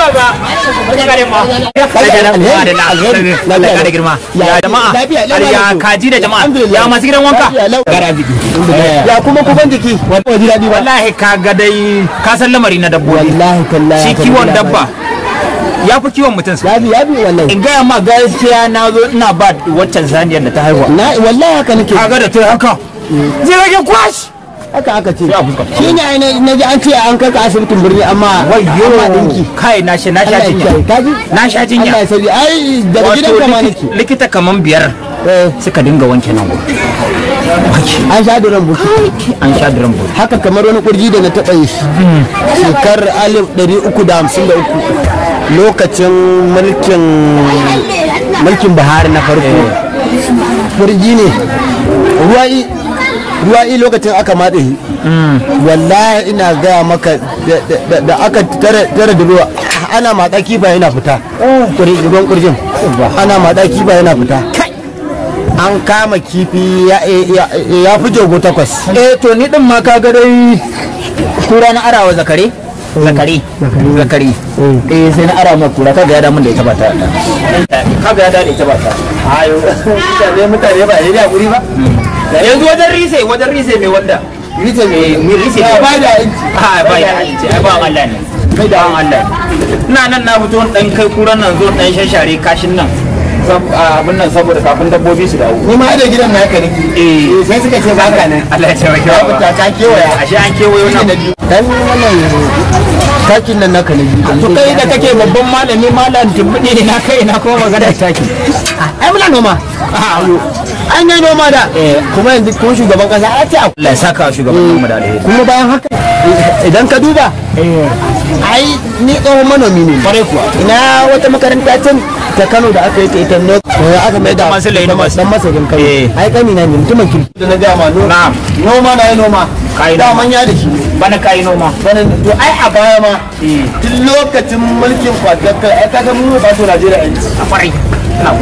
baba da ya jama'a ya kaji da jama'a ya masu wanka ya kuma jiki wallahi ka ga dai ka san lamari na dabbobi shi kiwon dabba ya kiwon mutum gaya ma gaskiya na zo ina ba waccan saniyar da ta haihuwa na wallahi haka nake kaga da ta haka zai rage haka aka ce shi ne na ji an ce an kai ka asibitin birni amma ma dinki kai na shi na shi kaji na shi jinya Allah ya sabi ai daga gidan kama nake likita kaman biyar eh. suka dinga wanke nan gobe an sha duran buki an sha duran buki haka kamar wani kurji da na taɓa yi hmm. shekar alif ɗari uku da hamsin da uku lokacin mulkin mulkin buhari na farko eh. kurji ne ruwa ruwa yi lokacin aka matse shi mm. wallahi ina gaya maka da aka tara da ruwa ana maɗa kifa yana fita oh. ruwan kurjin ana maɗa kifa yana fita an kama kifi ya fi jogo takwas eh to ni din ma ka ga dai kura na arawa zakare oh. zakari zakari oh. eh sai na ara mai kura kaga ya damun da ita ba ta ga ya da ita ba ta ayo mutane ba ya da guri ba mm. yanzu wajen rise wajen rise mai wanda rise mai rise mai ba da inci a ah, ba da inci a ba Allah ne kai da an Allah ina nan na fito dan kai kuran nan zo dan shashare kashin nan ah, abin nan saboda kafin dabbobi su dawo ni ma da gidan na ka niki eh. eh sai suka ce ba ka nan Allah ya tsare ka ba ta kewaya ashe an kewayo nan dan wannan takin nan naka ne to kai da kake babban malami malam tibbidi ne na kai na kuma magana takin ai muna noma a'a ah, an yi noma da eh, kuma yanzu kun shugaban kasa a ce Allah ya saka shugaban mu da alheri kuma bayan haka idan ka duba eh. ai ni tsohon manomi ne kwarai kuwa ina wata makaranta can ta Kano da aka yi ta ita ne aka mai da masu lai noma dan masarin kai eh. ai kami na ne mutumin kirki da na ga ma noma noma na yi noma kai da manya da shi bana kai noma bana to ai a baya ma tun lokacin mulkin kwatakar ai kaga mu ba t'o Najeriya a kwarai ina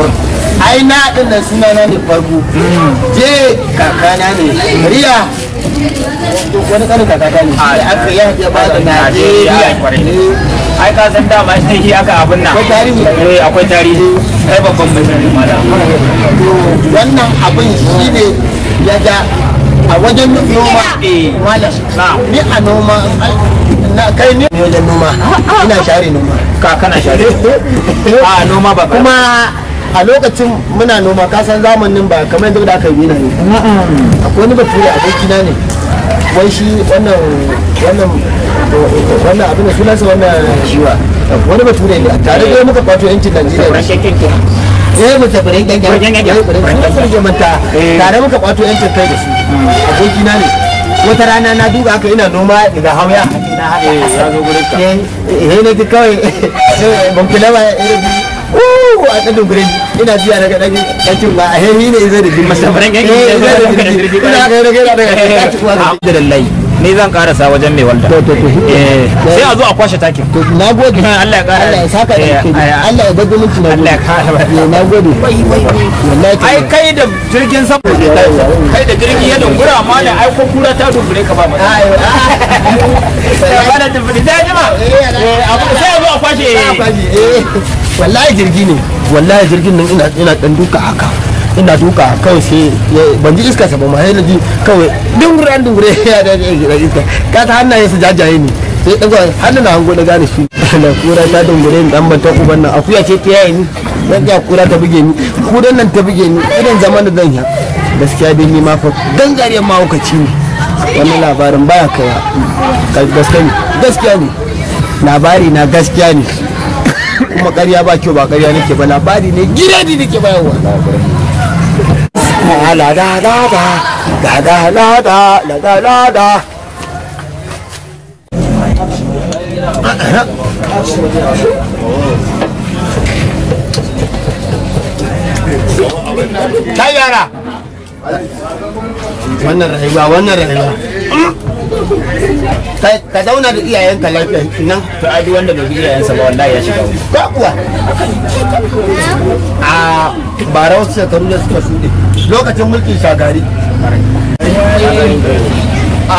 ai na din nan suna na ne farko je kakana ne riya wani kanin kakata ne a aka yi ba da najeriya ai ka san dama shi aka abin nan akwai tarihi eh, akwai tarihi kai babban mai ma da wannan abin shine ya a wajen noma eh, malam ni a noma na kai ne wajen noma ina share noma ka share a ah, noma ba kuma a lokacin muna noma kasan zamanin ba kamar yanzu da aka yi na ne akwai wani a abokina ne wai shi wannan wannan wannan abin da sunansa wannan shiwa wani bature ne a. tare da muka kwato yancin najeriya eh mu tabarin gangan gangan eh, jamanta eh. tare muka kwato yancin kai da su A abokina ne wata rana na duba haka ina noma daga hauya na eh, haɗa ya zo gurin ka eh ne kawai ban kula ba a tsadin birni ina jiya daga ɗakin ba a heri ne zai da eh, ga yana daga ɗakin ba. ni zan karasa wajen mai walda eh, sai a zo a kwashe takin na gode Allah ya kara Allah ya saka eh, Allah ya bada miki na Allah ya kara eh, na gode ai kai da jirgin sama kai da jirgin ya dungura ma da ai ko kura ta dungure ka ba mu ai ba da tafi da jama sai a zo a kwashe wallahi jirgi ne wallahi jirgin nan ina ina dan duka haka ina duka kawai sai ban ji iska ba ma yana ji kawai dungure an dungure ya da iska ka ta hannaye su jajaye ne sai dan gwa hannun na hango da gane shi na kura ta dungure ni dan ban ta uban nan akuya ce ta yayi ni dan ya kura ta buge ni kudan nan ta buge ni idan zaman da zan ya gaskiya dai ni ma fa dangare ma hukaci ne wani labarin baya kaiwa gaskiya ne gaskiya ne labari na gaskiya ne kuma karya ba kyau ba karya nake ba labari ne gidadi ne nake bayarwa la da da da da da da da la da da da kai yara wannan rayuwa wannan rayuwa ka zauna da iyayenka lafiya nan to adi wanda bai bi iyayensa ba wallahi ya shiga Ko kuwa a bara wasu shekaru da suka shuɗe lokacin mulkin shagari a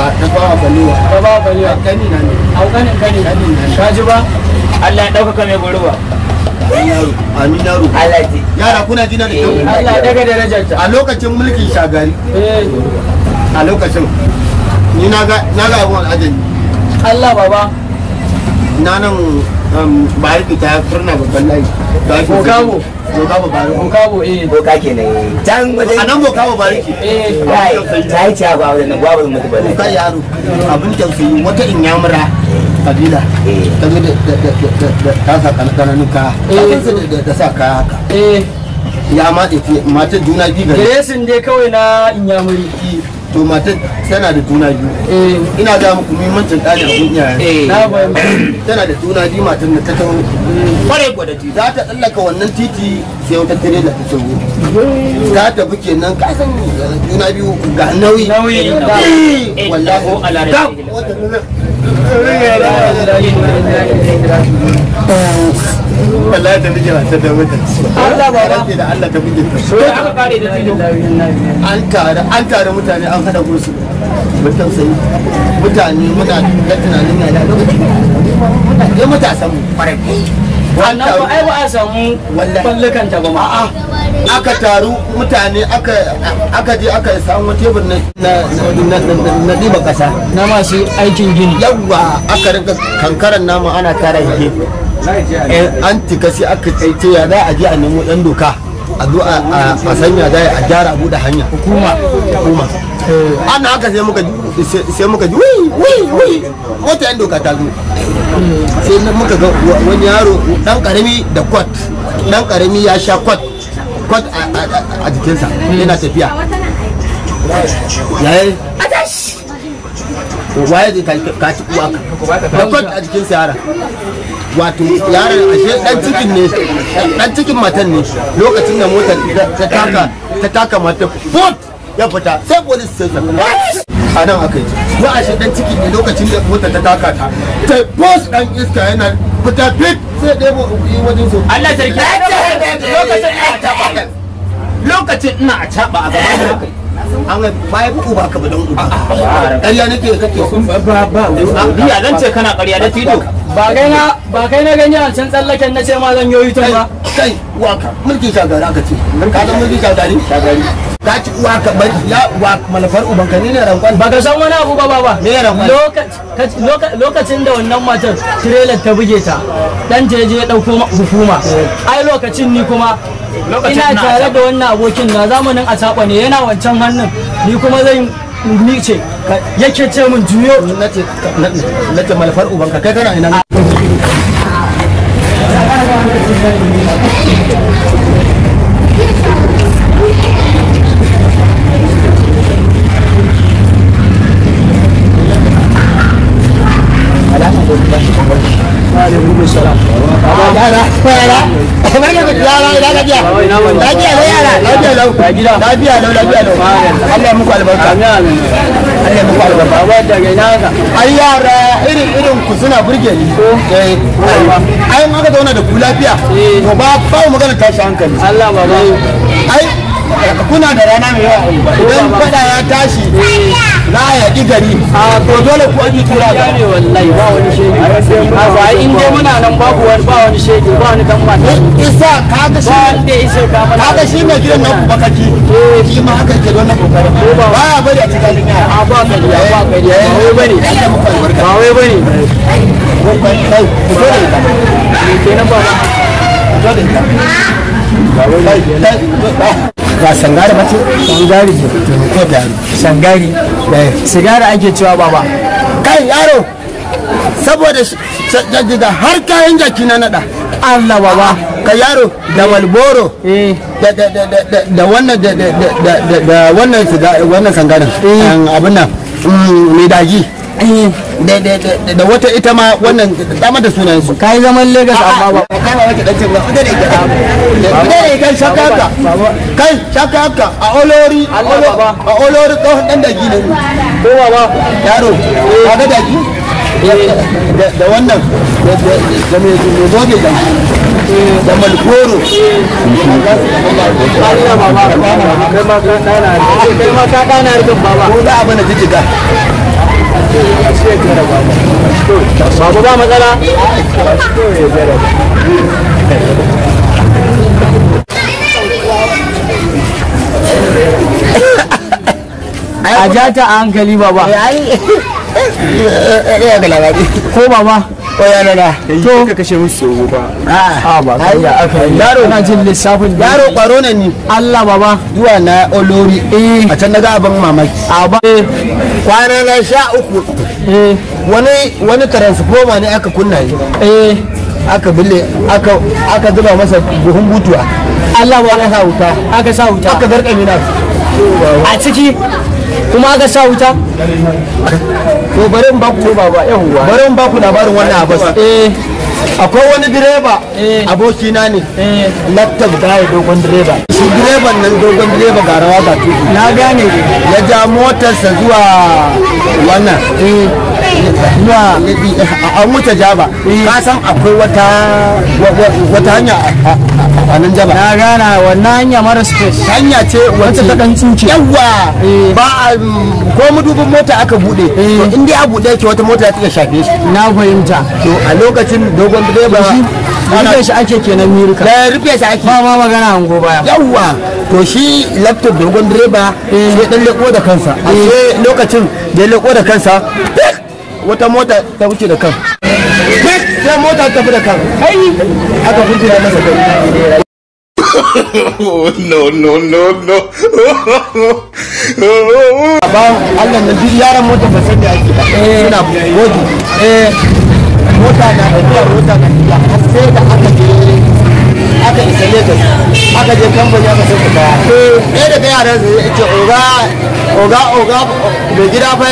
a tafawa baliwa tafawa baliwa gani na ne au ganin gani gani na ka ji ba Allah ya dauka mai buruwa Amina Ru. Alhaji. Yara kuna jina da kyau. Allah daga darajarta. A lokacin mulkin shagari. A lokacin. Ni na ga na ga abun ajani. Allah baba. Na nan ba ya fita furna babban layi. Bokabo. Bokabo Bariki. Bokabo eh. Boka kenan. Eh. Can wajen. A nan Bokabo Bariki. Eh. Kai, ta yi ba wajen gwa wajen mutu bane. Kai yaro, abin tausayi wata inyamura kabila eh. ta zo da ta sa kananun kaya. Ta eh. da sa ka haka. Eh. Ya matse matar juna biyu gare. Geresin dai kawai na inyamuri. to matar tana da tuna biyu eh. ina da muku muhimmancin ɗani a duniya eh. na bayan tana da tuna biyu matar da ta taho kware gwadaji za ta tsallaka wannan titi sai wata tare da ta taho za ta bi kenan ka san tuna biyu ga nauyi nauyi eh, wallahi wata wallahi da mijin ta da mijin Allah ba rafi da Allah ta mijin ta so aka kare da tijo an tare an tare mutane an hada gosu mutan sai mutane muna da tunanin yana lokaci ya matasan mu kwarai wannan ba ai ba a samu ballukan ta ba ma a'a aka taru mutane aka je aka samu tebur na na ɗiba ƙasa na masu aikin gini yawwa aka rinka kankaran nama ana tara gefe an kasi aka ce ya za a je a nemo dan doka a zo a sanya za a gyara abu da hanya hukuma hukuma eh. ana haka sai muka sai muka ji wii wii wii mota yan doka ta zo sai muka ga wani yaro dan karami da kwat dan karami ya sha kwat kwat a jikinsa hmm. yana tafiya yayi waye ka da kwat a jikinsa yara wato yaron ashe dan cikin ne dan cikin matan ne lokacin da motar ta taka ta taka bot ya fita sai police sai a nan aka yi ko ashe dan cikin ne lokacin da motar ta taka ta ta bot dan iska yana fita bit sai dai yi wajen so Allah sarki lokacin ina ta lokacin ina a caba a gaban an ga baya ba ka ba don uku ƙarya nake kake ba ba ba biya zan ce kana ƙarya da tido ba kai na ganye a can tsallaken na ce ma zan yoyi ta ba kai waka mulkin shagari aka ce ka san mulkin shagari shagari ka ci waka ba ya wa malafar uban ka ne ne rankwan ba ka san wani abu ba ba me rankwan lokacin da wannan matar trailer ta buge ta dan je je dauko hukuma ai lokacin ni kuma ina tare da wannan abokin na zamanin a ne yana wancan hannun ni kuma zan ni ce yake ce min juyo na ce malfar ubanka kai kana ina Alhamdulillah. Waalaikumsalam. Ada ada ada. kamar ya irin irin burge ni zauna da lafiya magana tashi hankali kuna da rana mai yawa idan fada ya tashi na yaƙi gari a to dole ku aji tura ga ne wallahi ba wani shege a ba in dai muna nan babu wani ba wani shege ba wani dan mata isa kaga shi wanda isa ka mana shi mai gidan nan baka ki shi ma haka ke don na kokari ba ya bari a cikin yara a ba ka ya ba ka ya wai bane ba wai bane ko kai kai ko kenan ba ba wai bane ba sangari mace sangari ce ko da sangari eh. sigari ake cewa ba ba kai yaro saboda da har kayan jaki na nada Allah baba ka yaro da eh. walboro eh. da wannan da wannan wannan sangarin abin nan mm, mai daji da wata ita ma wannan damar da sunan su kai zaman Lagos amma ba kai ba wata dan cewa da ita da ne kan shaka haka kai shaka haka a olori a olori to dan da gine ko baba yaro ka ga da gi da wannan da me me zobe da da malkoro kai ma ka dana kai ma ka dana rikin baba ko da abin da jijiga babu ba matsala a ja a hankali baba ko baba Oya na na. Eh, to ka kashe musu tsoro ba. A ah. ah, ba ka yi aka yi. Yaro na jin lissafin. Yaro kwaro ne ni. Allah baba. Zuwa na olori. Eh. A can na abin mamaki. A ba. Eh, kwana na sha uku. Eh. Wani wani transformer ne aka kunna shi. Eh. Aka bille aka aka zuba masa buhun butuwa. Allah ba. Aka sa wuta. Aka sa wuta. Aka garkame na. A ciki. kuma aka sa wuta to bari in baku ba ba yawa bari in baku labarin wannan abas eh akwai wani direba eh. na ne eh. laptop ya dogon direba shi direban nan dogon direba ga rawa ga tudu na gane ya ja motarsa zuwa wannan eh. a wuce jaba eh. ka san akwai wata hanya a nan jaba na gana wannan hanya mara space hanya ce wacce ta dan tsuke yawa eh. ba um, ko mudubin mota aka bude to eh. in dai a bude yake wata mota ta shafe shi na fahimta to a lokacin dogon direba rufe shi ake kenan mirika da rufe shi ake ba ma magana an goba baya yawa to shi laptop dogon direba sai dan leko da kansa a lokacin da ya leko da kansa wata mota ta wuce da kan sai mota ta fi da kan ai aka kunce da masa kai no no no no ba Allah eh. na duk yaran mota ba sai da ake ba suna godi eh mota na tafiya mota na tafiya sai da aka je aka isa lagos aka je kamfani aka sauka kaya eh, ɗaya daga yaran su ya ce oga oga oga mai gida fa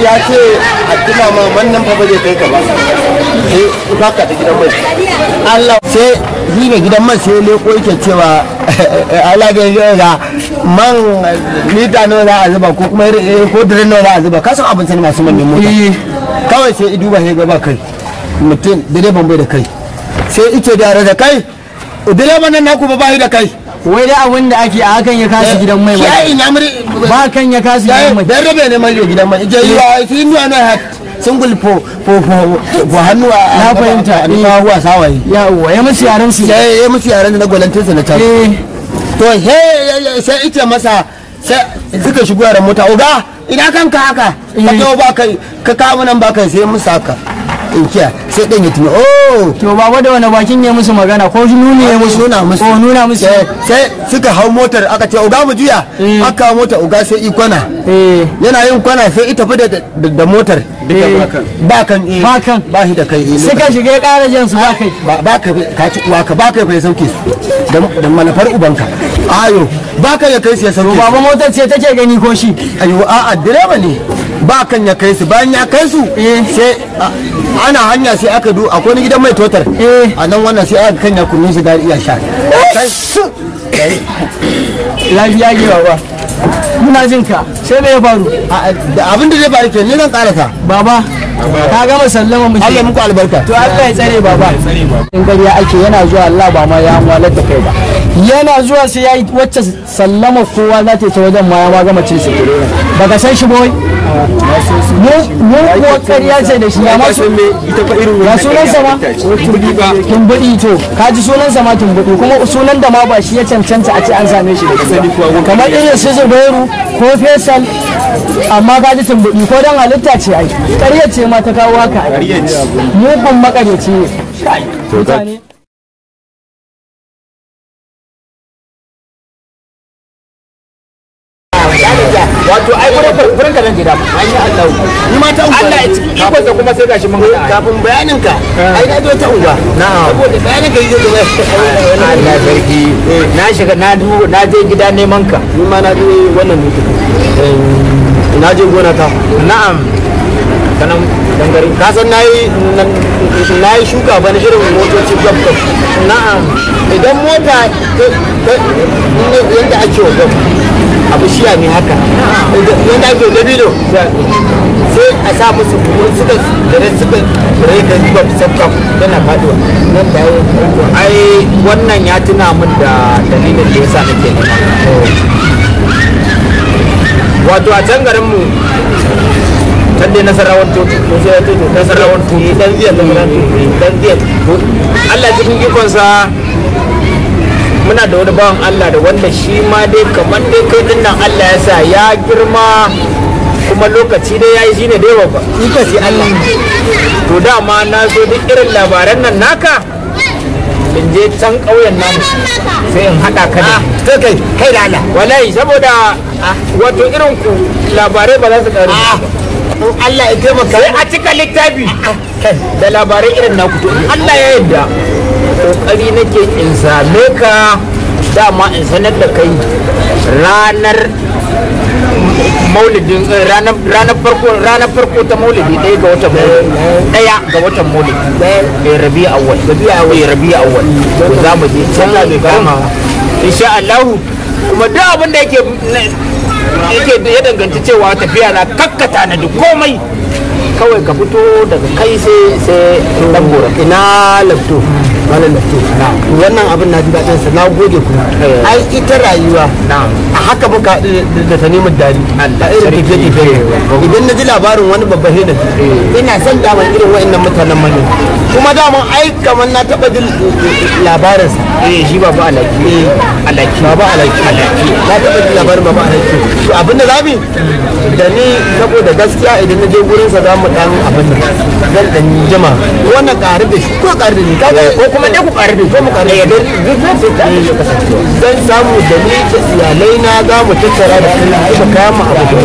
ya ce a tuna ma wannan fa ba zai kai ka ba sai eh, baka ta gidan mai Allah sai yi ne gidan man sai leko yake cewa eh, Allah ga ga man lita nawa za a zuba ko kuma ko dare nawa za a zuba kasan abin sani masu manyan mota kawai sai iduba sai ba kai mutum direban bai da kai sai ike da da kai direban nan naku ba bayi da kai wai da abin da ake a hakan ya kasu gidan mai mai yayi namuri ba kan ya kasu gidan mai dan rabe ne mai gidan mai je yi fi nuna na hat singul po po po po hannu a na fahimta ni ma huwa sawaye ya uwa ya musu yaran su ya ya musu yaran da na gwalantar sa na ta to he sai ita masa sai suka shigo yaran mota oga ina kanka haka ka ba kai ka kawo nan ba kai sai musu haka inkiya sai dan ya tuna oh to baba da wani bakin ne musu magana ko nuna ya musu nuna musu ko nuna musu sai suka hau motar aka ce uga mu juya eh. aka hau motar uga sai i kwana eh. yana yin kwana sai ita fi da motar eh. ba kan ba kan ba shi da kai suka shige ƙara kara jan su ba kai ba ka ka ci uwa ka ba kai fa sauke su da manafar ubanka ayo ba kai ya kai sai sauke baba motar ce take gani ko shi ayo a'a direba ne ba kan ya kai su bayan ya kai su eh. sai ana hanya sai aka du akwai wani gidan mai totar eh. a nan wannan sai aka kan ya su, shi dari iya sha lafiya ke ba muna jin ka sai me ya faru abin da zai faru ke ni zan ka. baba ka gama sallama mu Allah muku albarka to Allah ya tsare baba in ya ake yana zuwa Allah ba ma ya muwalar da kai ba yana zuwa sai yi wacce sallama kowa za ta yi ta wajen ma ya gama cin su daga san shi boy mu kuwa ƙarya ce da shi ya sunan sama tumbaɗi to ka ji sunan sama tumbaɗi kuma sunan da ma ba shi ya cancanta a ce an same shi da kamar irin su zubairu ko fesal amma kaji tumbaɗi ko don halitta ce ai ƙarya ce ma ta kawo haka mugun makaryaci ne wato ai gurin ka nan gida an yi Allah ni ma ta unguwa Allah ya cikin iko da kuma sai gashi mun ga eh, kafin bayanin ka ai na zo ta unguwa na'am saboda bayanin ka yake zuwa Allah sarki na shiga na na je gida neman ka ni ma na je wannan ne eh, na je gona ta na'am kanan dangare ka san nayi nayi shuka ba na shirin motoci gab gab na'am idan mota ta eh, yanda ake wa gab abu shiya ne haka wanda ake da bido sai a sa musu suka dare suka rai da zuba sabkam yana faduwa nan da ai wannan ya tuna min da dalilin da sa nake nema wato a can garin mu can dai nasarawan toto nasarawan toto eh, dan ziyar dan ziyar eh, Allah cikin ikonsa muna da wani bawan Allah da wanda shi ma dai kamar dai kai dinnan Allah ya sa ya girma kuma lokaci dai ya yi yayi shine ba. Ni ita sai Allah to dama na zo duk irin labaran nan naka in je can ƙauyen namu sai in haɗa ka da ah, to kai kai da Allah wallahi saboda ah. wato irin ku labarai ba za su ƙare in ah, Allah ya taimaka sai a cika littafi da labarai irin naku to Allah ya yarda kokari nake in same ka dama in sanar da kai ranar maulidin eh, ranar farko ranar farko ta maulidi ɗaya ga watan ɗaya ga watan maulidi bai eh, rabi awwal bai rabi awwal eh, za mu je can mai kama insha Allah kuma duk abin da yake yake ya danganci cewa tafiya na kakkata na duk komai kawai ka fito daga kai sai sai dan gora ina laptop malam lafto wannan abin na ji daɗin sa na gode kuma eh. ai ita rayuwa a haka baka da ta nemi dari a irin tafiye tafiye idan na ji labarin wani babba hena eh. ina son daman irin wa'annan mutanen mani kuma daman ai kamar na taɓa jin labarin sa eh shi baba alaki eh. alaki baba alaki alaki na taɓa jin labarin baba alaki abinda zabi da ni saboda gaskiya idan na je gurin sa za mu dan abin nan zan dan jima wannan ƙari da shi ko ƙari da ni kaga eh. ko kuma dai ku ƙari da ko mu ƙari da eh, duk zai ta shi eh. zan samu da ni da iyalai na za mu tattara da Allah kuma kayan mu abu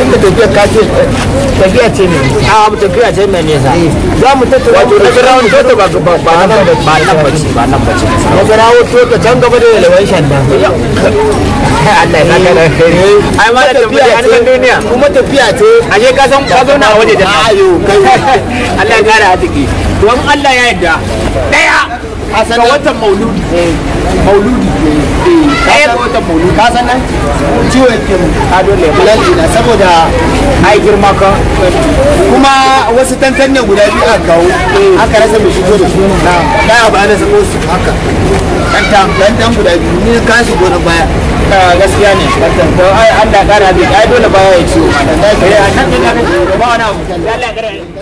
inda tafiya ka ce tafiya ce ne a ah, mu tafiya ce mai nesa za mu tattara wato na garawo to ta ba ba ba nan ba ba nan ba ce ba nan ba ce na garawo to ta can gaba da yalwan shan nan Allah ya saka da kai ai ma da tafiya an san duniya kuma tafiya ce aje ka san ka zauna a waje da ayo kai Allah ya kara hatiki to an Allah ya yarda daya ga watan mauludi eh, mauludi daya eh, ga watan mauludi ka san nan ciwo yake mu a ah, dole lalli na saboda ai girma ka kuma wasu tantanne guda biyu aka kawo eh. aka rasa mai shigo da su na ba na sako su haka tantan guda biyu ne ka shigo na baya gaskiya ne don ai Allah kara bi ai dole baya ya ciwo ma dan dai kare a kan din ba wani abu Allah kare